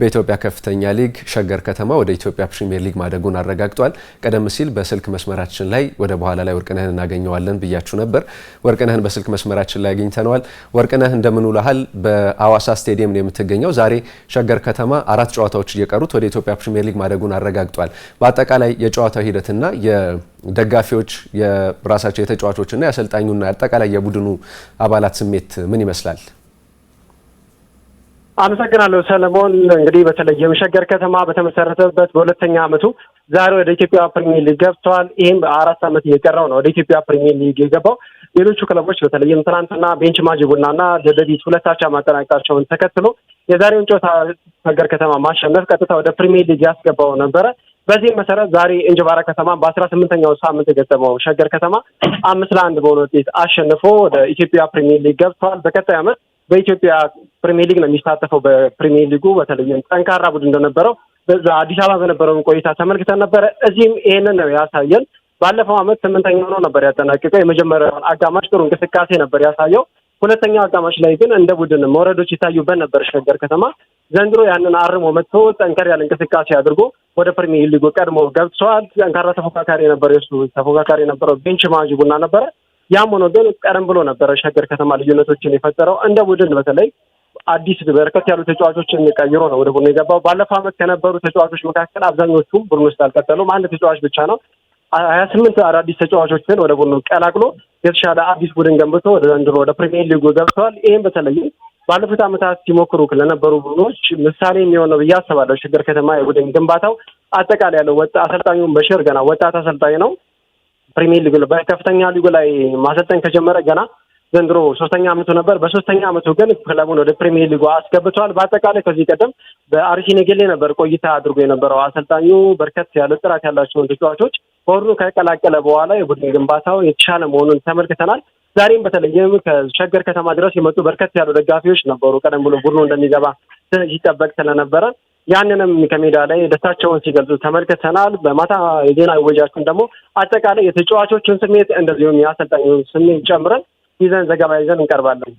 በኢትዮጵያ ከፍተኛ ሊግ ሸገር ከተማ ወደ ኢትዮጵያ ፕሪሚየር ሊግ ማደጉን አረጋግጧል። ቀደም ሲል በስልክ መስመራችን ላይ ወደ በኋላ ላይ ወርቅነህን እናገኘዋለን ብያችሁ ነበር። ወርቅነህን በስልክ መስመራችን ላይ አግኝተነዋል። ወርቅነህ እንደምን ውለሃል? በአዋሳ ስቴዲየም ነው የምትገኘው። ዛሬ ሸገር ከተማ አራት ጨዋታዎች እየቀሩት ወደ ኢትዮጵያ ፕሪሚየር ሊግ ማደጉን አረጋግጧል። በአጠቃላይ የጨዋታው ሂደትና የደጋፊዎች የራሳቸው የተጫዋቾችና የአሰልጣኙና አጠቃላይ የቡድኑ አባላት ስሜት ምን ይመስላል? አመሰግናለሁ ሰለሞን። እንግዲህ በተለይም ሸገር ከተማ በተመሰረተበት በሁለተኛ ዓመቱ ዛሬ ወደ ኢትዮጵያ ፕሪሚየር ሊግ ገብተዋል። ይህም አራት ዓመት እየቀረው ነው ወደ ኢትዮጵያ ፕሪሚየር ሊግ የገባው። ሌሎቹ ክለቦች በተለይም ትናንትና ቤንች ማጂ ቡናና ደደቢት ሁለታቻ ማጠናቀቃቸውን ተከትሎ የዛሬውን ጨዋታ ሸገር ከተማ ማሸነፍ ቀጥታ ወደ ፕሪሚየር ሊግ ያስገባው ነበረ። በዚህም መሰረት ዛሬ እንጅባራ ከተማ በአስራ ስምንተኛው ሳምንት የገጠመው ሸገር ከተማ አምስት ለአንድ በሆነ ውጤት አሸንፎ ወደ ኢትዮጵያ ፕሪሚየር ሊግ ገብተዋል። በቀጣይ ዓመት በኢትዮጵያ ፕሪሚየር ሊግ ነው የሚሳተፈው። በፕሪሚየር ሊጉ በተለይም ጠንካራ ቡድን እንደነበረው በዛ አዲስ አበባ በነበረውን ቆይታ ተመልክተን ነበረ። እዚህም ይሄንን ነው ያሳየን። ባለፈው ዓመት ስምንተኛ ሆኖ ነበር ያጠናቀቀው። የመጀመሪያውን አጋማሽ ጥሩ እንቅስቃሴ ነበር ያሳየው። ሁለተኛው አጋማሽ ላይ ግን እንደ ቡድን መውረዶች ይታዩበት ነበር ሸገር ከተማ። ዘንድሮ ያንን አርሞ መጥቶ ጠንከር ያለ እንቅስቃሴ አድርጎ ወደ ፕሪሚየር ሊጉ ቀድሞ ገብቷል። ጠንካራ ተፎካካሪ የነበረ የሱ ተፎካካሪ የነበረው ቤንች ማጅ ቡና ነበረ። ያም ሆኖ ግን ቀደም ብሎ ነበረ ሸገር ከተማ ልዩነቶችን የፈጠረው እንደ ቡድን በተለይ አዲስ በርከት ያሉ ተጫዋቾችን ቀይሮ ነው ወደ ቡድኑ የገባው። ባለፈው ዓመት ከነበሩ ተጫዋቾች መካከል አብዛኞቹ ቡድን ውስጥ አልቀጠሉም። አንድ ተጫዋች ብቻ ነው ሀያ ስምንት አዳዲስ ተጫዋቾችን ወደ ቡድኑ ቀላቅሎ የተሻለ አዲስ ቡድን ገንብቶ ወደ ዘንድሮ ወደ ፕሪሚየር ሊጉ ገብተዋል። ይህም በተለይም ባለፉት ዓመታት ሲሞክሩ ለነበሩ ቡድኖች ምሳሌ ነው ብዬ አስባለሁ። ሸገር ከተማ የቡድን ግንባታው አጠቃላይ ያለው ወጣ አሰልጣኙን በሽር ገና ወጣት አሰልጣኝ ነው። ፕሪሚየር ሊግ በከፍተኛ ሊጉ ላይ ማሰልጠን ከጀመረ ገና ዘንድሮ ሶስተኛ አመቱ ነበር። በሶስተኛ አመቱ ግን ክለቡን ወደ ፕሪሚየር ሊጉ አስገብተዋል። በአጠቃላይ ከዚህ ቀደም በአርሲ ነገሌ ነበር ቆይታ አድርጎ የነበረው። አሰልጣኙ በርከት ያለ ጥራት ያላቸውን ተጫዋቾች በሁሉ ከቀላቀለ በኋላ የቡድን ግንባታው የተሻለ መሆኑን ተመልክተናል። ዛሬም በተለይም ከሸገር ከተማ ድረስ የመጡ በርከት ያሉ ደጋፊዎች ነበሩ። ቀደም ብሎ ቡድኑ እንደሚገባ ይጠበቅ ስለነበረ ያንንም ከሜዳ ላይ ደስታቸውን ሲገልጹ ተመልክተናል። በማታ የዜና ወጃችን ደግሞ አጠቃላይ የተጫዋቾችን ስሜት እንደዚሁም የአሰልጣኙን ስሜት ጨምረን ይዘን ዘገባ ይዘን እንቀርባለን።